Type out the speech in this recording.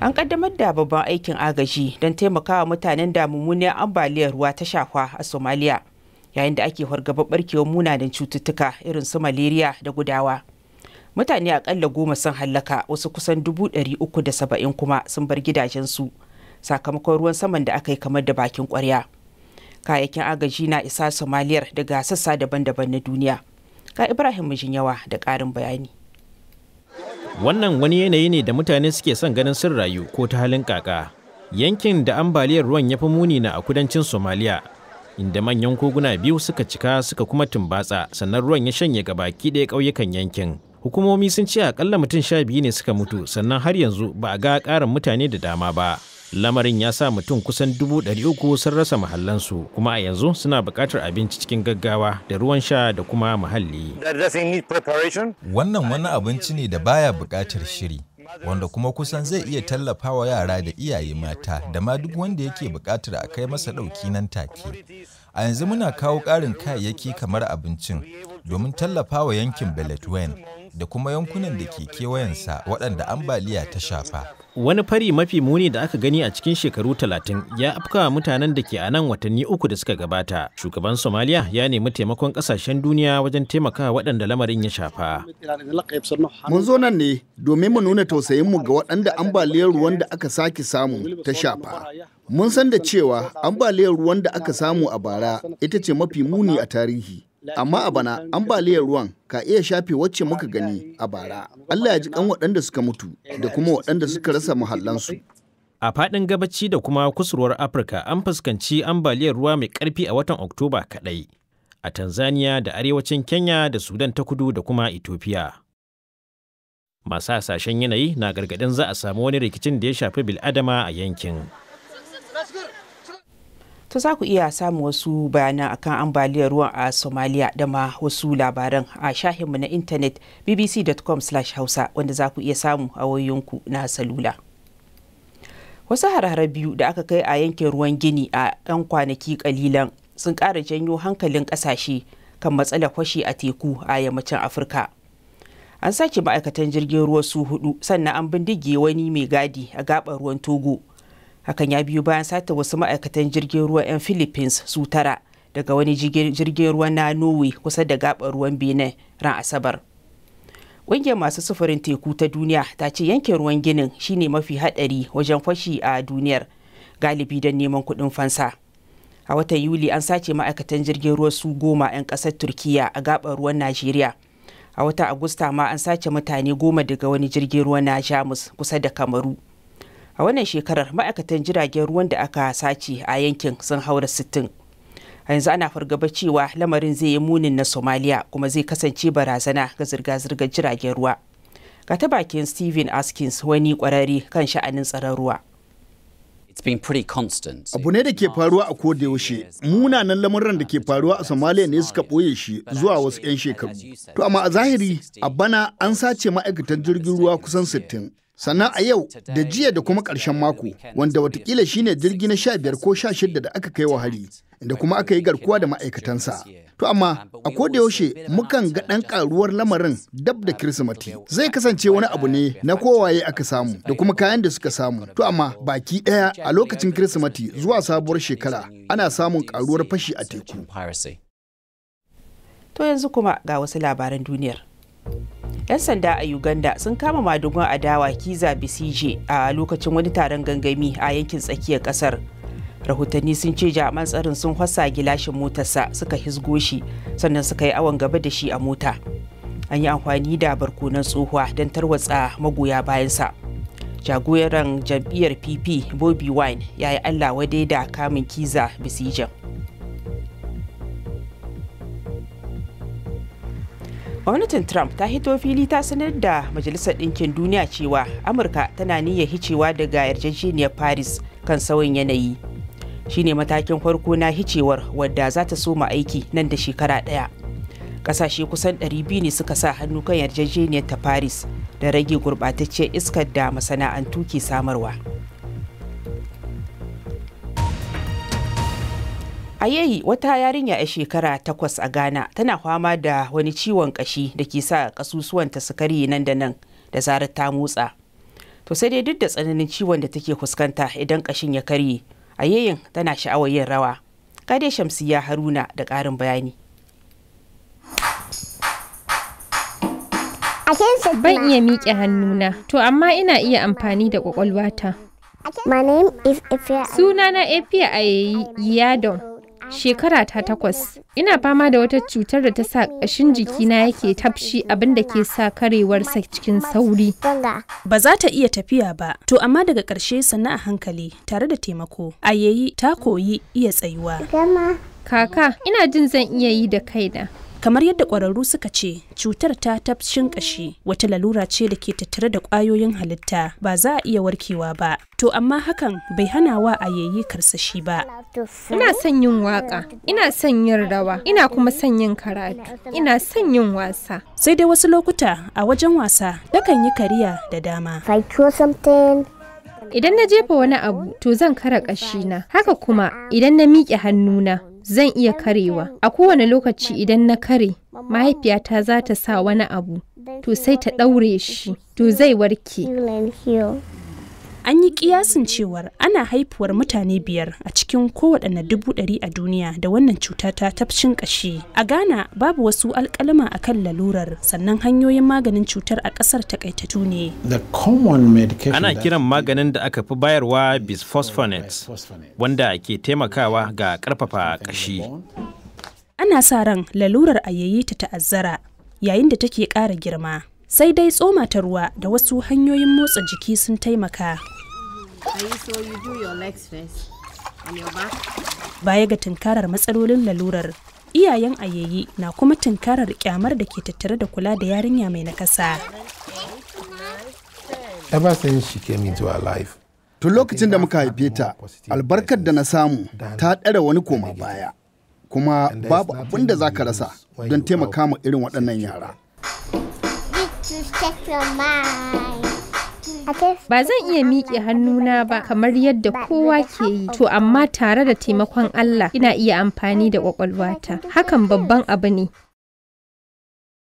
An kaddamar da babban aikin agaji don taimakawa mutanen da mummunan ambaliyar ruwa ta shafa a Somaliya yayin da ake fargaba barkewar munanan cututtuka irin su maleriya da gudawa. Mutane akalla goma sun hallaka wasu kusan dubu ɗari uku da saba'in kuma sun bar gidajensu sakamakon ruwan saman da aka yi kamar da bakin ƙwarya. Kayayyakin agaji na isa Somaliyar daga sassa daban-daban na duniya. Ka Ibrahim Mijinyawa da ƙarin bayani. Wannan wani yanayi ne da mutane suke son ganin sun rayu ko ta halin kaka. Yankin da ambaliyar ruwan ya fi muni na a kudancin Somalia, inda manyan koguna biyu suka cika suka kuma tumbatsa sannan ruwan ya shanye baki ɗaya ƙauyukan yankin. Hukumomi sun ce akalla mutum sha biyu ne suka mutu sannan har yanzu ba a ga ƙarin mutane da dama ba. lamarin ya sa mutum kusan dubu ɗari uku sun rasa mahallansu kuma a yanzu suna buƙatar abinci cikin gaggawa da ruwan sha da kuma muhalli wannan wani abinci ne da baya buƙatar shiri wanda kuma kusan zai iya tallafawa yara da iyaye mata da ma duk wanda yake buƙatar a kai masa ɗauki nan take a yanzu muna kawo ƙarin kayayyaki kamar abincin domin tallafawa yankin Beletwen da kuma yankunan da ke kewayensa waɗanda ambaliya ta shafa. Wani fari mafi muni da aka gani a cikin shekaru talatin ya afkawa mutanen da ke a nan watanni uku da suka gabata. Shugaban Somalia ya nemi taimakon ƙasashen duniya wajen taimaka waɗanda lamarin ya shafa. Mun zo nan ne domin mu nuna tausayinmu ga waɗanda ambaliyar ruwan da aka sake samu ta shafa. Mun san da cewa ambaliyar ruwan da aka samu a bara ita ce mafi muni a tarihi. Amma a bana ambaliyar ruwan ka iya shafe wacce muka gani a bara. Allah ya ji kan waɗanda suka mutu da kuma waɗanda suka rasa muhallansu. A faɗin gabaci da kuma kusurwar Afirka an fuskanci ambaliyar ruwa mai ƙarfi a watan Oktoba kaɗai. A Tanzania da arewacin Kenya da Sudan ta kudu da kuma Ethiopia. Masu hasashen yanayi na gargaɗin za a samu wani rikicin da ya shafi bil'adama a yankin. to za ku iya samun wasu bayanan akan ambaliyar ruwan a somalia da ma wasu labaran a shahinmu na intanet bbc.com hausa wanda za ku iya samu a wayoyinku na salula wasu harhara biyu da aka kai a yankin ruwan gini a 'yan kwanaki kalilan sun ƙara janyo hankalin ƙasashe kan matsalar kwashi a teku a yammacin afirka an sace ma'aikatan jirgin ruwa su hudu sannan an bindige wani mai gadi a gaɓar ruwan togo hakan ya biyu bayan sata wasu ma'aikatan jirgin ruwa 'yan philippines su tara daga wani jirgin ruwa na norway kusa da gabar ruwan benin ran asabar ƙungiyar masu sufurin teku ta duniya ta ce yankin ruwan ginin shine mafi haɗari wajen fashi a duniyar galibi don neman kuɗin fansa a watan yuli an sace ma'aikatan jirgin ruwa su goma 'yan ƙasar turkiya a gabar ruwan najeriya a watan agusta ma an sace mutane goma daga wani jirgin ruwa na jamus kusa da kamaru a wannan shekarar ma'aikatan jiragen ruwan da aka sace a yankin sun haura 60 a yanzu ana fargaba cewa lamarin zai yi munin na somaliya kuma zai kasance barazana ga zirga-zirgar jiragen ruwa ga ta bakin steven askins wani kwararre kan sha'anin tsaron ruwa Abu ne da ke faruwa a koda yaushe, munanan lamuran da ke faruwa a Somalia ne suka boye shi zuwa wasu 'yan shekaru. To amma a zahiri, a bana an sace ma'aikatan jirgin ruwa kusan 60. sannan a yau da jiya da kuma ƙarshen mako wanda watakila shine jirgi na sha biyar ko sha shidda da aka kai wa hari da kuma aka yi garkuwa da ma'aikatansa to amma a da yaushe mukan ga ɗan karuwar lamarin dab da kirsimati zai kasance wani abu ne na kowaye aka samu da kuma kayan da suka samu to amma baki ɗaya a lokacin kirsimati zuwa sabuwar shekara ana samun karuwar fashi a teku to yanzu kuma ga wasu labaran duniyar 'Yan sanda a Uganda sun kama madugun adawa Kiza Bisije a lokacin wani taron gangami a yankin tsakiyar kasar. Rahotanni sun ce jaman tsarin sun hwasa gilashin motarsa suka hisgo shi sannan suka yi awon gaba da shi a mota. An yi amfani da barkonan tsohuwa don tarwatsa magoya bayansa. Jagoran jam'iyyar PP Bobby Wine ya yi Allah wadai da kamun Kiza Bisijen. gwamnatin trump ta hito fili ta sanar da majalisar ɗinkin duniya cewa amurka tana niyyar hicewa daga yarjejeniyar paris kan sauyin yanayi shine matakin farko na hicewar wadda za ta soma aiki nan da shekara ɗaya ƙasashe kusan 200 ne suka sa hannu kan yarjejeniyar ta paris da rage gurɓatacciyar iskar da masana'antu ke samarwa. a yayi wata yarinya a shekara takwas a ghana tana fama da wani ciwon kashi da ke sa kasusuwanta su karye nan da nan da zarar ta motsa to sai dai duk da tsananin ciwon da take fuskanta idan kashin ya karye a yayin tana sha'awar yin rawa kade ya haruna da ƙarin bayani ban iya miƙe hannuna to amma ina iya amfani da ƙwaƙwalwata sunana apia ayayi yadon Shekara ta takwas, ina fama da wata cutar da ta sa ƙashin jikina yake tafshi abin da ke sa karewarsa cikin sauri. Ba za ta iya tafiya ba, to amma daga ƙarshe sannan a hankali tare da taimako. Ayeyi ta koyi iya tsayuwa. Kaka, ina jin zan iya yi da kaina. kamar yadda ƙwararru suka ce cutar ta tafshin ƙashi wata lalura ce da ke tattare da kwayoyin halitta ba za a iya warkewa ba to amma hakan bai hana wa a yayi karsashi ba ina son yin waka ina son yin rawa ina kuma son yin karatu ina son yin wasa sai dai wasu lokuta a wajen wasa takan yi kariya da dama idan na jefa wani abu to zan kara ƙashina haka kuma idan na miƙe hannuna zan iya karewa a kowane lokaci idan na kare mahaifiyata za ta sa wani abu to sai ta ɗaure shi to zai warke An yi kiyasin cewar ana haifuwar mutane biyar a cikin kowaɗanne dubu ɗari a duniya da wannan cuta ta tafshin ƙashi. A Ghana babu wasu alƙalama a kan lalurar sannan hanyoyin maganin cutar a ƙasar takaitattu ne. Ana kiran maganin da aka fi bayarwa bisphosphonates wanda ke taimakawa ga ƙarfafa ƙashi. Ana sa ran lalurar a ta ta'azzara yayin da take ƙara girma. sai dai tsoma ta ruwa da wasu hanyoyin motsa jiki sun taimaka. Baya ga tunkarar matsalolin lalurar, iyayen ayayi na kuma tunkarar kyamar da ke tattare da kula da yarinya mai nakasa. Ever since she came into our life, Tun lokacin da muka haife ta, albarkar da na samu ta ɗara wani koma baya, kuma babu abin da za ka rasa don taimaka ma irin waɗannan yara. Ba zan iya miƙe hannuna ba kamar yadda kowa ke yi, to amma tare da taimakon Allah ina iya amfani da ƙwaƙwalwata. Hakan babban abu ne.